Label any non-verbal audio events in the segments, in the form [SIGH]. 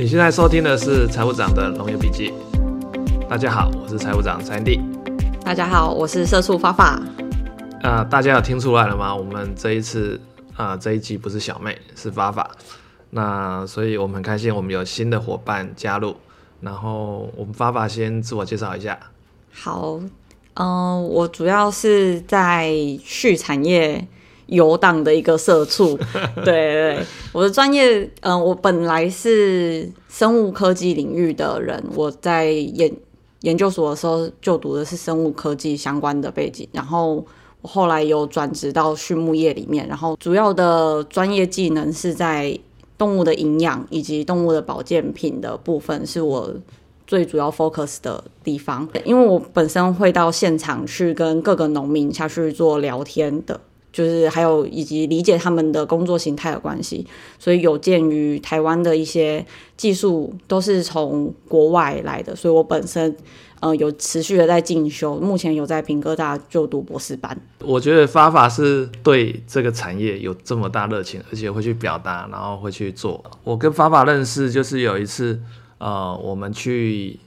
你現在收聽的是財務長的農業筆記。大家好，我是財務長 Sandy。大家好，我是社畜發發。呃，大家有聽出來了嗎？我們這一次，呃，這一季不是小妹，是發發。那所以我們很開心，我們有新的夥伴加入。然後我們發發先自我介紹一下。好，嗯，我主要是在畜產業。遊蕩的一個社畜， [LAUGHS] 對，對對，我的專業，嗯、呃，我本來是生物科技領域的人，我在研研究所的時候就讀的是生物科技相關的背景，然後我後來有轉職到畜牧業裡面，然後主要的專業技能是在動物的營養以及動物的保健品的部分，是我最主要 focus 的地方，因為我本身會到現場去跟各個農民下去做聊天的。就是還有以及理解他們的工作形態的關係，所以有鑑於台灣的一些技術都是從國外來的，所以我本身呃有持續的在進修，目前有在屏科大就讀博士班。我覺得發法是對這個產業有這麼大熱情，而且會去表達，然後會去做。我跟發法認識就是有一次呃我們去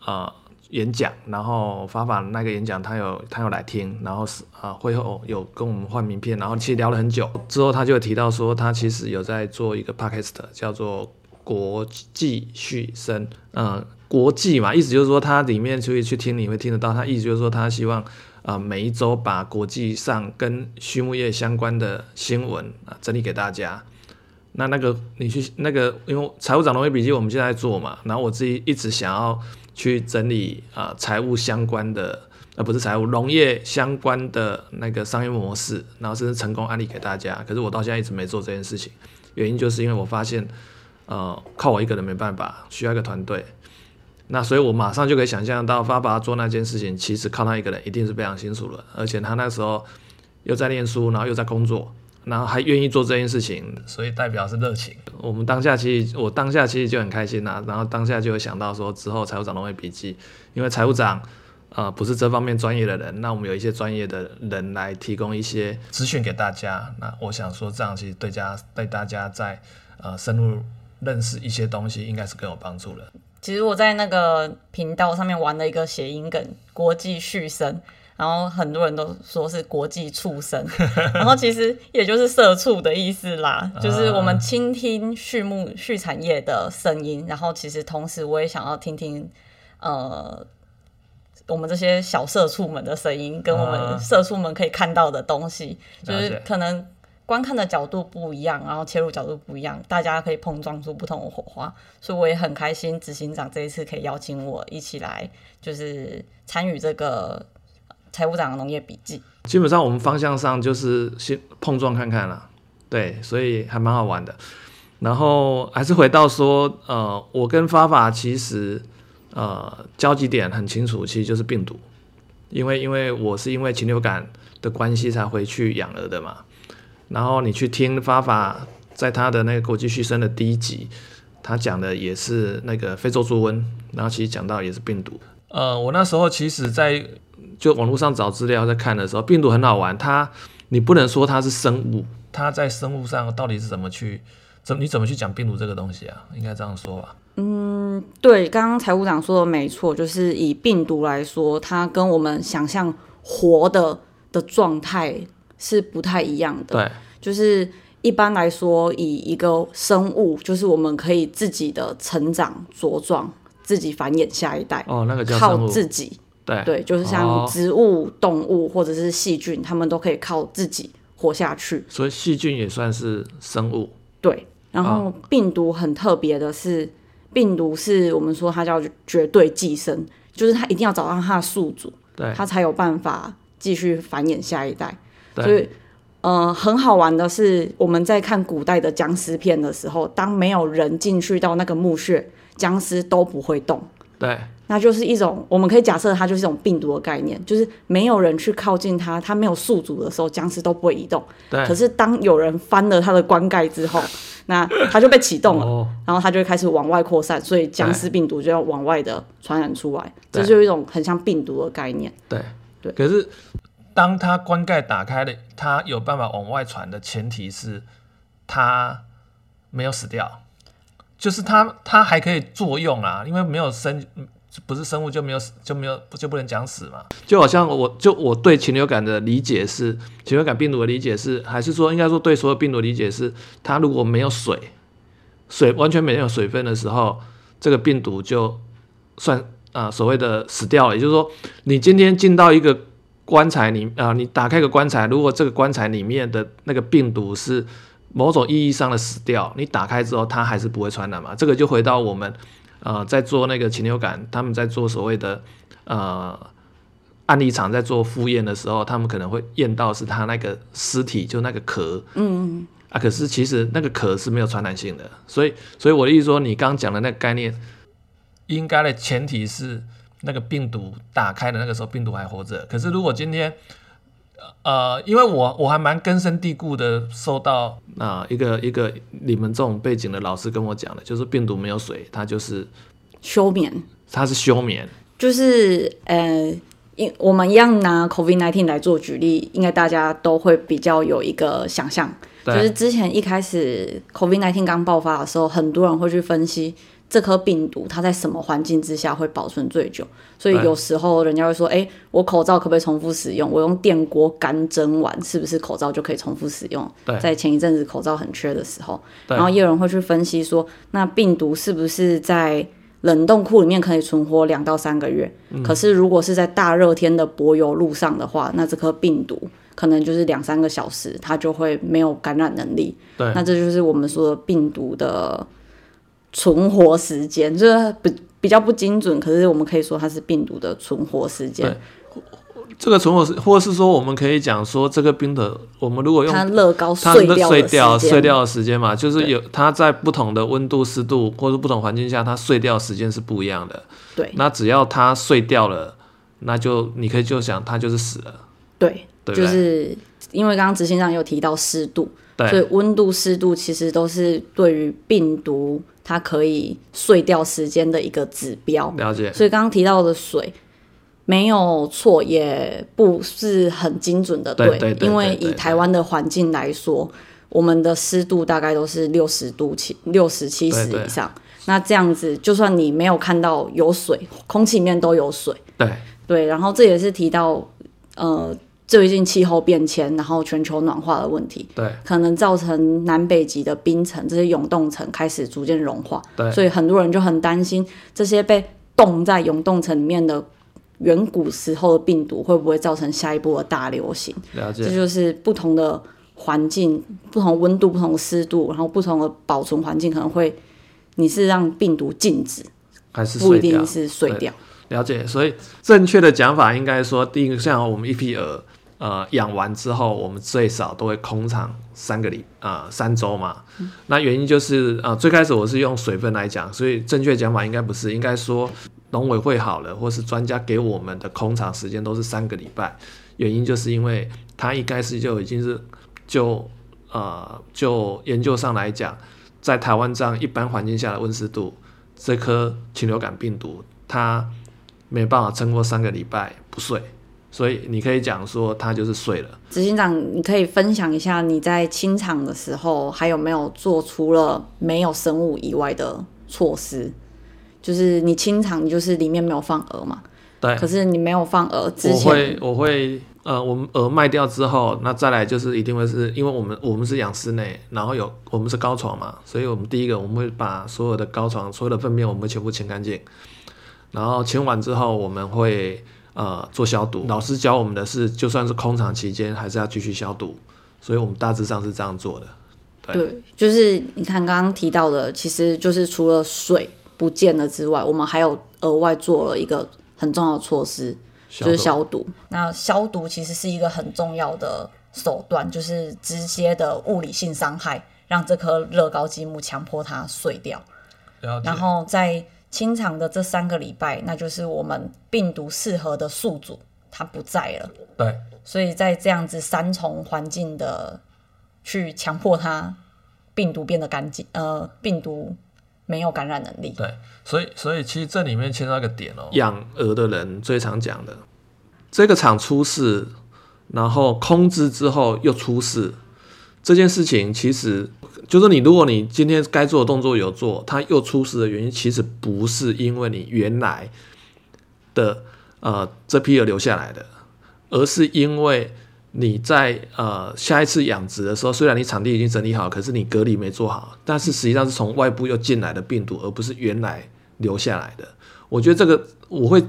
啊。呃演講，然後發發那個演講，他有他有來聽，然後是啊會後有跟我們換名片，然後其實聊了很久之後，他就提到說他其實有在做一個 podcast，叫做國際畜聲，嗯、呃，國際嘛，意思就是說他裡面就會去聽，你會聽得到。他意思就是說他希望啊、呃、每一週把國際上跟畜牧業相關的新聞啊整理給大家。那那個你去那個因為財務長的農業筆記我們現在，在做嘛，然後我自己一直想要。去整理啊，財務相關的，啊不是財務，農業相關的那個商業模式，然後甚至成功案例給大家。可是我到現在一直沒做這件事情，原因就是因為我發現，呃，靠我一個人沒辦法，需要一個團隊。那所以我馬上就可以想象到，爸爸做那件事情，其實靠他一個人一定是非常辛苦的，而且他那時候又在唸書，然後又在工作。然後還願意做這件事情，所以代表是熱情。我們當下其實，我當下其實就很開心吶、啊。然後當下就會想到說，之後財務長都會筆記，因為財務長，呃，不是這方面專業的人，那我們有一些專業的人來提供一些資訊給大家。那我想說這樣其實對家對大家在呃深入認識一些東西，應該是更有幫助的。其實我在那個頻道上面玩了一個諧音梗，國際續生。然後很多人都說是國際畜生， [LAUGHS] 然後其實也就是“社畜”的意思啦， [LAUGHS] 就是我們傾聽畜牧畜產業的聲音，然後其實同時我也想要聽聽，呃，我們這些小社畜們的聲音，跟我們社畜們可以看到的東西， [LAUGHS] 就是可能觀看的角度不一樣，然後切入角度不一樣，大家可以碰撞出不同的火花。所以我也很開心，執行長這一次可以邀請我一起來，就是參與這個。財務長的農業筆記，基本上我們方向上就是先碰撞看看啦，對，所以還蠻好玩的。然後還是回到說，呃，我跟發法其實呃交集點很清楚，其實就是病毒，因為因為我是因為禽流感的關係才回去養鵝的嘛。然後你去聽發法在他的那個國際續生的第一集，他講的也是那個非洲豬瘟，然後其實講到也是病毒。呃，我那時候其實在就網絡上找資料在看的時候，病毒很好玩。它你不能說它是生物，它在生物上到底是怎麼去怎麼，你怎麼去講病毒這個東西啊？應該這樣說吧？嗯，對，剛剛財務長說的沒錯，就是以病毒來說，它跟我們想象活的的狀態是不太一樣的。對，就是一般來說，以一個生物，就是我們可以自己的成長茁壯。自己繁衍下一代哦，那個叫生物。靠自己。對對，就是像是植物、哦、動物或者是細菌，它們都可以靠自己活下去。所以細菌也算是生物。對，然後病毒很特別的是，哦、病毒是我們說它叫絕對寄生，就是它一定要找到它的宿主，對，它才有辦法繼續繁衍下一代。對。所以，呃，很好玩的是，我們在看古代的殭屍片的時候，當沒有人進去到那個墓穴。殭屍都不會動，對，那就是一種我們可以假設它就是一種病毒的概念，就是沒有人去靠近它，它沒有宿主的時候，殭屍都不會移動。對，可是當有人翻了他的棺蓋之後， [LAUGHS] 那它就被啟動了，哦，然後它就會開始往外擴散，所以殭屍病毒就要往外的傳染出來，這是一種很像病毒的概念。對對，對，可是當他棺蓋打開了，他有辦法往外傳的前提是他沒有死掉。就是它，它還可以作用啊，因為沒有生，不是生物就沒有死，就沒有就不能講死嘛。就好像我就我對禽流感的理解是，禽流感病毒的理解是，還是說應該說對所有病毒的理解是，它如果沒有水，水完全沒有水分的時候，這個病毒就算啊，呃，所謂的死掉了。也就是說，你今天進到一個棺材裡啊，呃，你打開一個棺材，如果這個棺材裡面的那個病毒是。某種意義上的死掉，你打開之後它還是不會傳染嘛？這個就回到我們，呃，在做那個禽流感，他們在做所謂的呃案例場，在做複驗的時候，他們可能會驗到是他那個屍體，就是那個殼，嗯，啊，可是其實那個殼是沒有傳染性的。所以，所以我的意思說，你剛講的那個概念，應該的前提是那個病毒打開的那個時候，病毒還活着。可是如果今天。呃，因為我我還蠻根深蒂固的，受到那、呃、一個一個你們這種背景的老師跟我講的，就是病毒沒有水，它就是休眠，它是休眠，就是呃，我們一樣拿 COVID-19 來做舉例，應該大家都會比較有一個想象，就是之前一開始 COVID-19 剛爆發的時候，很多人會去分析。這顆病毒它在什麼環境之下會保存最久？所以有時候人家會說：“哎，我口罩可不可以重複使用？我用電鍋乾蒸完，是不是口罩就可以重複使用？”對，在前一陣子口罩很缺的時候，然後也有人會去分析說：“那病毒是不是在冷凍庫裡面可以存活兩到三個月？嗯。可是如果是在大熱天的柏油路上的話，那這顆病毒可能就是兩三個小時，它就會沒有感染能力。”對，那這就是我們說的病毒的。存活時間就是比較不精準，可是我們可以說它是病毒的存活時間。對，這個存活是，或是說，我們可以講說這個病毒，我們如果用它樂高，它的碎掉碎掉的時間嘛，就是有它在不同的溫度、濕度或者不同環境下，它碎掉的時間是不一樣的。對，那只要它碎掉了，那就你可以就想它就是死了。對，對，對，就是因為剛剛執行長有提到濕度，對，所以溫度、濕度其實都是對於病毒。它可以碎掉時間的一個指標，了解。所以剛剛提到的水沒有錯，也不是很精準的，對，對，對，對，對，對，因為以台灣的環境來說，對對對對我們的濕度大概都是六十度七、六十七十以上對對對。那這樣子，就算你沒有看到有水，空氣裡面都有水，對對。然後這也是提到，呃。最近氣候變遷，然後全球暖化的問題，對，可能造成南北極的冰層，這些永凍層開始逐漸融化，對，所以很多人就很擔心這些被凍在永凍層裡面的遠古時候的病毒會不會造成下一波的大流行。了解，這就是不同的環境、不同溫度、不同濕度，然後不同的保存環境，可能會你是讓病毒靜止，還是不一定是碎掉？了解，所以正確的講法應該說，第一個像我們一批鵝。呃，養完之後，我們最少都會空場三個禮，呃，三周嘛。嗯。那原因就是，呃，最開始我是用水分來講，所以正確講法應該不是，應該說農委會好了，或是專家給我們的空場時間都是三個禮拜。原因就是因為他一開始就已經是，就呃，就研究上來講，在台灣這樣一般環境下的溫濕度，這顆禽流感病毒它沒辦法撐過三個禮拜不睡。所以你可以講說，它就是碎了。執行長，你可以分享一下你在清場的時候，還有沒有做除了沒有生物以外的措施？就是你清場，你就是裡面沒有放鵝嘛？對。可是你沒有放鵝之前我，我會我會呃，我們鵝賣掉之後，那再來就是一定會是因為我們我們是養室內，然後有我們是高床嘛，所以我們第一個我們會把所有的高床所有的糞便我們全部清乾淨，然後清完之後我們會。呃、嗯，做消毒。老師教我們的是，就算是空場期間，還是要繼續消毒。所以我們大致上是這樣做的。對，對就是你看剛剛提到的，其實就是除了水不見了之外，我們還有額外做了一個很重要的措施，就是消毒，消毒。那消毒其實是一個很重要的手段，就是直接的物理性傷害，讓這顆樂高積木強迫它碎掉。然後在。清場的這三個禮拜，那就是我們病毒適合的宿主，它不在了。對，所以在這樣子三重環境的去強迫它，病毒變得乾淨，呃，病毒沒有感染能力。對，所以所以其實這裡面牽涉一個點哦、喔，養鵝的人最常講的，這個廠出事，然後空置之後又出事。這件事情其實就是你，如果你今天該做的動作有做，它又出事的原因，其實不是因為你原來的呃這批鵝留下來的，而是因為你在呃下一次養殖的時候，雖然你場地已經整理好，可是你隔離沒做好，但是實際上是從外部又進來的病毒，而不是原來留下來的。我覺得這個我會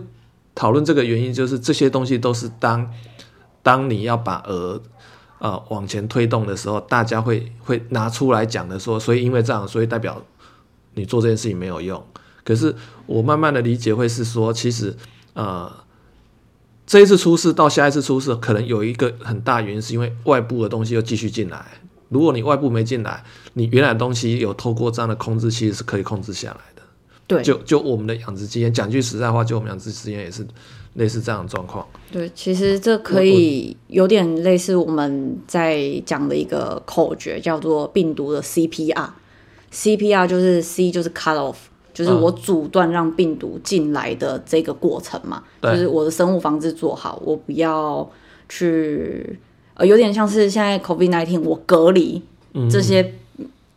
討論這個原因，就是這些東西都是當當你要把鵝。呃，往前推動的時候，大家會會拿出來講的說，所以因為這樣，所以代表你做這件事情沒有用。可是我慢慢的理解會是說，其實呃，這一次出事到下一次出事，可能有一個很大原因是因為外部的東西又繼續進來。如果你外部沒進來，你原來的東西有透過這樣的控制器是可以控制下來的。對，就就我們的養殖間，講句實在話，就我們養殖間也是類似這樣的狀況。對，其實這可以有點類似我們在講的一個口訣，叫做病毒的 CPR。CPR 就是 C 就是 cut off，就是我阻斷讓病毒進來的這個過程嘛。對、嗯。就是我的生物防治做好，我不要去呃，有點像是現在 COVID nineteen，我隔離這些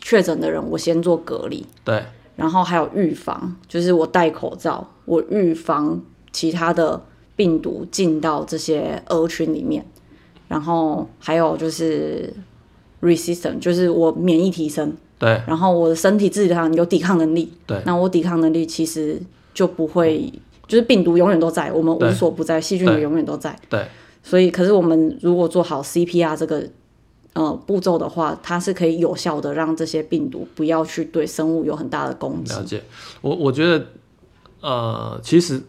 確診的人、嗯，我先做隔離。對。然後還有預防，就是我戴口罩，我預防其他的病毒進到這些鵝群裡面。然後還有就是 r e s i s t a n t e 就是我免疫提升。對。然後我的身體自質量有抵抗能力。對。那我抵抗能力其實就不會，就是病毒永遠都在，我們無所不在，細菌也永遠都在。對。對，所以，可是我們如果做好 CPR 這個。呃，步驟的話，它是可以有效地讓這些病毒不要去對生物有很大的攻擊。了解，我我覺得，呃，其實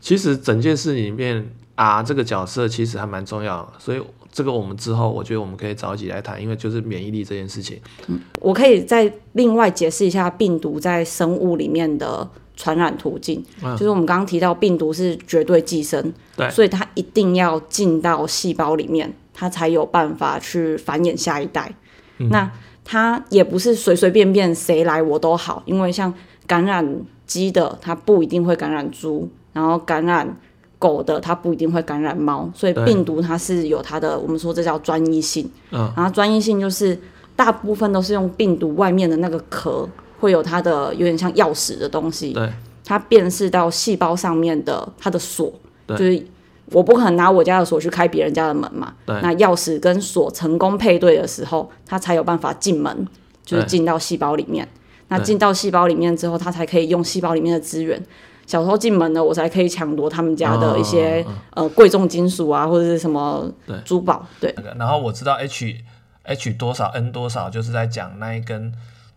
其實整件事裡面啊，這個角色其實還蠻重要的，所以這個我們之後我覺得我們可以早起來談，因為就是免疫力這件事情。嗯，我可以再另外解釋一下病毒在生物裡面的傳染途徑，嗯，就是我們剛剛提到病毒是絕對寄生，對，所以它一定要進到細胞裡面。它才有辦法去繁衍下一代。嗯、那它也不是隨隨便便誰來我都好，因為像感染雞的，它不一定會感染豬；然後感染狗的，它不一定會感染貓。所以病毒它是有它的，我們說這叫專一性。哦、然後專一性就是大部分都是用病毒外面的那個殼，會有它的有點像鑰匙的東西。對，它辨識到細胞上面的它的鎖，就是。我不可能拿我家的鎖去開別人家的門嘛。那鑰匙跟鎖成功配對的時候，他才有辦法進門，就是進到細胞裡面。那進到細胞裡面之後，他才可以用細胞裡面的資源。小偷進門呢，我才可以搶奪他們家的一些哦哦哦哦呃貴重金屬啊，或者是什麼珠寶。對。然後我知道 H H 多少 N 多少，就是在講那一根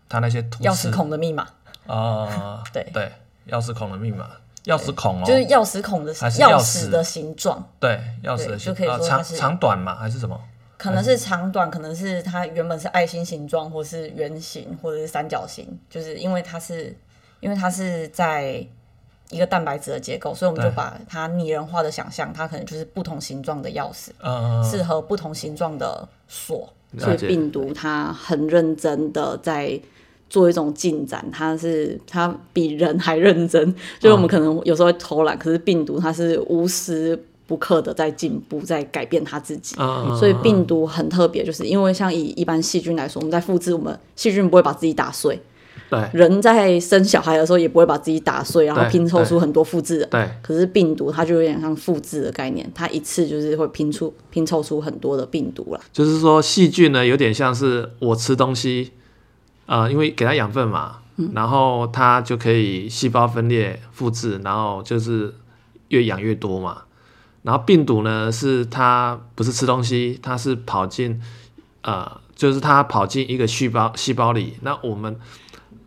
他那些鑰匙孔的密碼。啊、呃， [LAUGHS] 對對，鑰匙孔的密碼。鑰匙孔、哦、就是鑰匙孔的鑰匙，鑰匙的形狀。對，鑰匙的形、就可以說它是呃，長長短嘛，還是什麼？可能是長短，可能是它原本是愛心形狀，或者是圓形，或者是三角形。就是因為它是因為它是在一個蛋白質的結構，所以我們就把它擬人化的想象，它可能就是不同形狀的鑰匙，呃、適合不同形狀的鎖。所以病毒它很認真的在。做一種進展，它是它比人還認真，就是我們可能有時候會偷懶、嗯，可是病毒它是無時不刻的在進步，在改變它自己，嗯、所以病毒很特別，就是因為像以一般細菌來說，我們在複制，我們細菌不會把自己打碎，對，人在生小孩的時候也不會把自己打碎，然後拼湊出很多複制的，對，對，對，可是病毒它就有點像複制的概念，它一次就是會拼出，拼湊出很多的病毒了，就是說細菌呢有點像是我吃東西。啊、呃，因為給它養分嘛、嗯，然後它就可以細胞分裂複製，然後就是越養越多嘛。然後病毒呢，是它不是吃東西，它是跑進呃，就是它跑進一個細胞細胞裡。那我們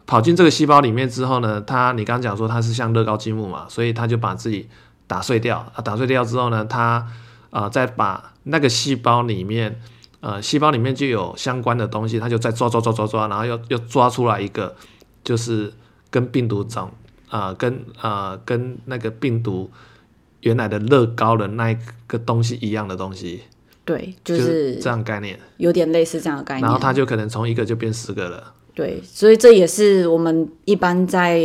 跑進這個細胞裡面之後呢，它你剛剛講說它是像樂高積木嘛，所以它就把自己打碎掉。打碎掉之後呢，它啊、呃、再把那個細胞裡面。呃，細胞裡面就有相關的東西，它就在抓抓抓抓抓，然後又又抓出來一個，就是跟病毒長啊、呃，跟啊、呃、跟那個病毒原來的樂高的那一個東西一樣的東西。對，就是這樣概念，有點類似這樣的概念。然後它就可能從一個就變十個了。對，所以這也是我們一般在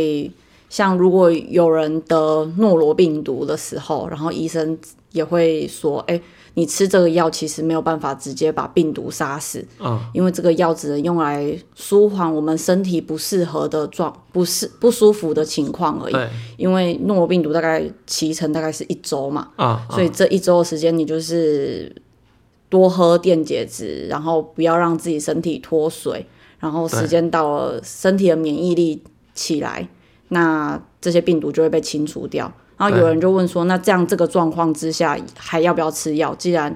像如果有人得諾羅病毒的時候，然後醫生。也會說，哎、欸，你吃這個藥其實沒有辦法直接把病毒殺死，嗯，因為這個藥只能用來舒緩我們身體不適合的狀，不適不舒服的情況而已。因為諾如病毒大概潛成大概是一週嘛，嗯，所以這一週的時間，你就是多喝電解質，然後不要讓自己身體脫水，然後時間到了，身體的免疫力起來，那這些病毒就會被清除掉。然後有人就問說：“那這樣這個狀況之下，還要不要吃藥？既然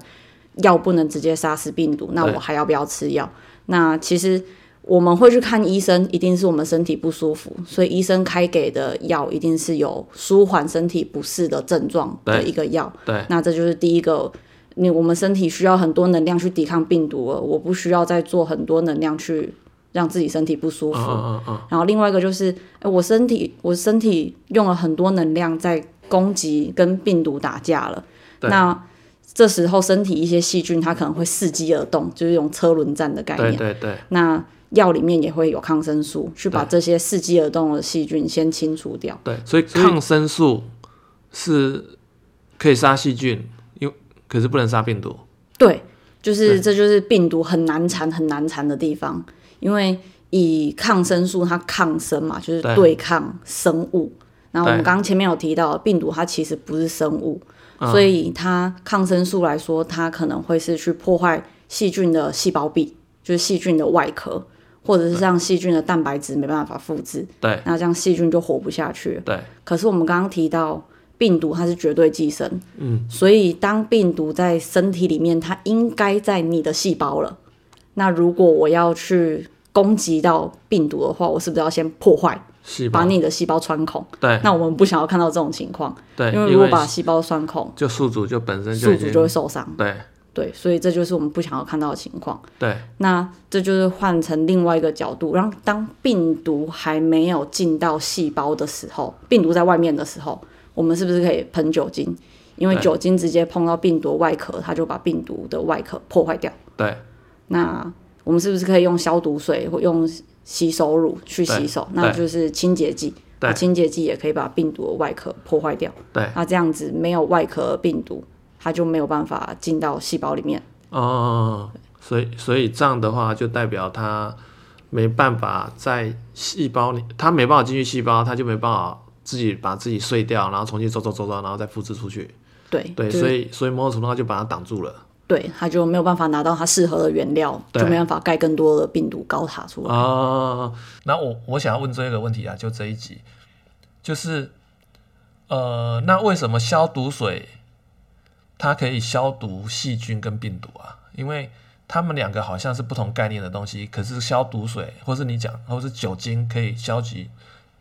藥不能直接殺死病毒，那我還要不要吃藥？”那其實我們會去看醫生，一定是我們身體不舒服，所以醫生開給的藥一定是有舒緩身體不適的症狀的一個藥。對，對，那這就是第一個，你我們身體需要很多能量去抵抗病毒了，我不需要再做很多能量去。讓自己身體不舒服，oh, oh, oh, oh. 然後另外一個就是，誒我身體我身體用了很多能量在攻擊跟病毒打架了。對。那這時候身體一些細菌它可能會伺機而動，就是用車輪戰的概念。對對，對。那藥裡面也會有抗生素，去把這些伺機而動的細菌先清除掉。對，所以抗生素是可以殺細菌，因為可是不能殺病毒。對，就是這就是病毒很難纏很難纏的地方。因為以抗生素它抗生嘛，就是對抗生物。然後我們剛剛前面有提到，病毒它其實不是生物，所以它抗生素來說，它可能會是去破壞細菌的細胞壁，就是細菌的外殼，或者是讓細菌的蛋白質沒辦法複製。對，那這樣細菌就活不下去。對。可是我們剛剛提到，病毒它是絕對寄生。嗯。所以當病毒在身體裡面，它應該在你的細胞了。那如果我要去攻擊到病毒的話，我是不是要先破壞，把你的細胞穿孔？對，那我們不想要看到這種情況。對，因為如果把細胞穿孔，就宿主就本身就宿主就會受傷。對，對，所以這就是我們不想要看到的情況。對，那這就是換成另外一個角度。然後當病毒還沒有進到細胞的時候，病毒在外面的時候，我們是不是可以噴酒精？因為酒精直接碰到病毒的外殼，它就把病毒的外殼破壞掉。對。那我們是不是可以用消毒水或用洗手乳去洗手？那就是清潔劑，對，清潔劑，清潔劑也可以把病毒的外殼破壞掉。對，那這樣子沒有外殼，病毒它就沒有辦法進到細胞裡面。哦，所以所以這樣的話就代表它沒辦法在細胞裡，它沒辦法進去細胞，它就沒辦法自己把自己碎掉，然後重新走走走走，然後再複製出去。對對、就是，所以所以某種程度上就把它擋住了。對，他就沒有辦法拿到他適合的原料，就沒辦法蓋更多的病毒高塔出來。哦，哦，哦，哦，那我我想要問這一個問題啊，就這一集，就是，呃，那為什麼消毒水它可以消毒細菌跟病毒啊？因為它們兩個好像是不同概念的東西，可是消毒水或是你講或是酒精可以消極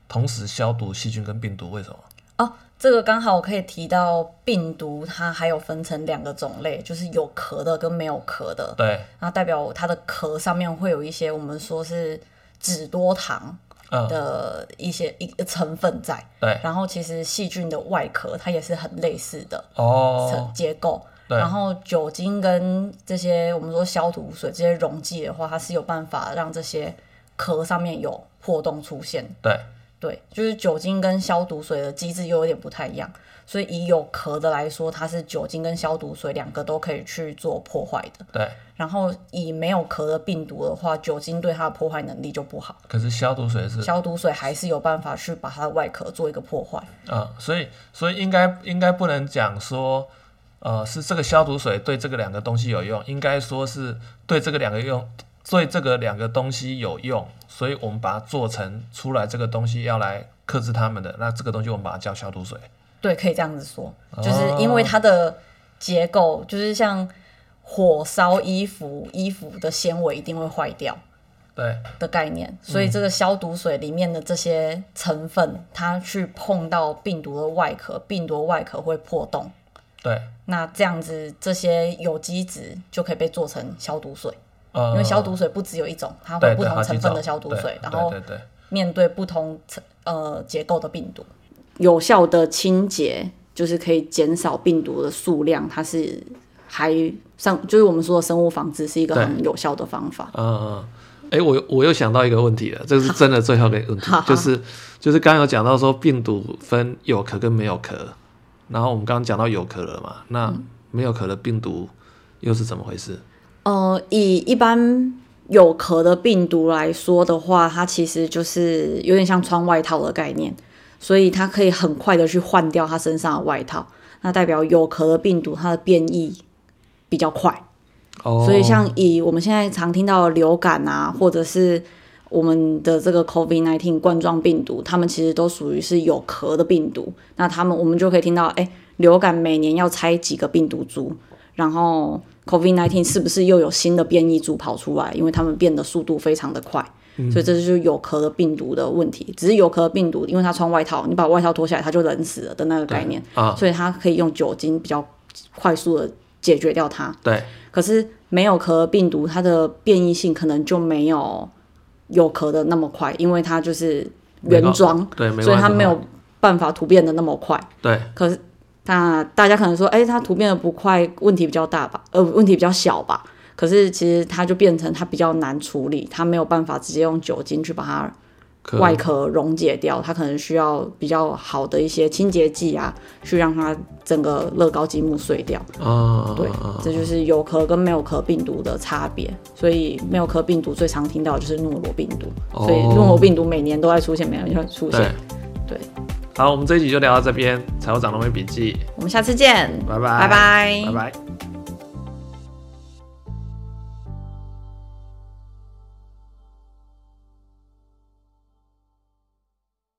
同時消毒細菌跟病毒，為什麼？哦。這個剛好我可以提到病毒，它還有分成兩個種類，就是有殼的跟沒有殼的。對。然後，代表它的殼上面會有一些我們說是脂多糖的一些一成分在。嗯。對。然後其實細菌的外殼它也是很類似的哦，結構哦。然後酒精跟這些我們說消毒水這些溶劑的話，它是有辦法讓這些殼上面有破洞出現。對。對，就是酒精跟消毒水的機制又有點不太一樣，所以以有殼的來說，它是酒精跟消毒水兩個都可以去做破壞的。對，然後以沒有殼的病毒的話，酒精對它的破壞能力就不好。可是消毒水是消毒水還是有辦法去把它的外殼做一個破壞？嗯，嗯嗯嗯嗯，所以所以，應該應該不能講說，呃，是這個消毒水對這個兩個東西有用，應該說是對這個兩個用。所以這個兩個東西有用，所以我們把它做成出來。這個東西要來克制它們的，那這個東西我們把它叫消毒水。對，可以這樣子說，就是因為它的結構，就是像火燒衣服，衣服的纖維一定會壞掉。對的概念，所以這個消毒水裡面的這些成分，嗯、它去碰到病毒的外殼，病毒的外殼會破洞。對，那這樣子這些有機質就可以被做成消毒水。因為消毒水不只有一種，嗯、它會有不同成分的消毒水，對對對對，然後面對不同層呃結構的病毒，有效的清潔就是可以減少病毒的數量，它是還上就是我們說的生物防治是一個很有效的方法。嗯嗯，哎、嗯欸，我我又想到一個問題了，這是真的最後一個問題，就是就是剛剛有講到說病毒分有殼跟沒有殼，然後我們剛剛講到有殼了嘛，那沒有殼的病毒又是怎麼回事？呃，以一般有殼的病毒來說的話，它其實就是有點像穿外套的概念，所以它可以很快的去換掉它身上的外套。那代表有殼的病毒，它的變異比較快。Oh. 所以像以我們現在常聽到的流感啊，或者是我們的這個 COVID-19 冠狀病毒，它們其實都屬於是有殼的病毒。那它們我們就可以聽到，哎、欸，流感每年要拆幾個病毒株，然後。COVID-19 是不是又有新的變異株跑出來？因為它們變的速度非常的快，所以這就是有殼的病毒的問題。嗯、只是有殼的病毒，因為它穿外套，你把外套脫下來，它就冷死了的那個概念，所以它可以用酒精比較快速的解決掉它。對。可是沒有殼的病毒，它的變異性可能就沒有有殼的那麼快，因為它就是原裝，對沒沒有，所以它沒有辦法突變的那麼快。對。可是。那大家可能說，哎、欸，它突變得不快，問題比較大吧？呃，問題比較小吧？可是其實它就變成它比較難處理，它沒有辦法直接用酒精去把它外殼溶解掉，它可能需要比較好的一些清潔劑啊，去讓它整個樂高積木碎掉。啊，對，這就是有殼跟沒有殼病毒的差別。所以沒有殼病毒最常聽到的就是諾羅病毒，哦、所以諾羅病毒每年都在出現，每年都在出現，對。對好，我們這一集就聊到這邊，《財務長的農業筆記》。我們下次見，拜拜，拜拜，拜拜。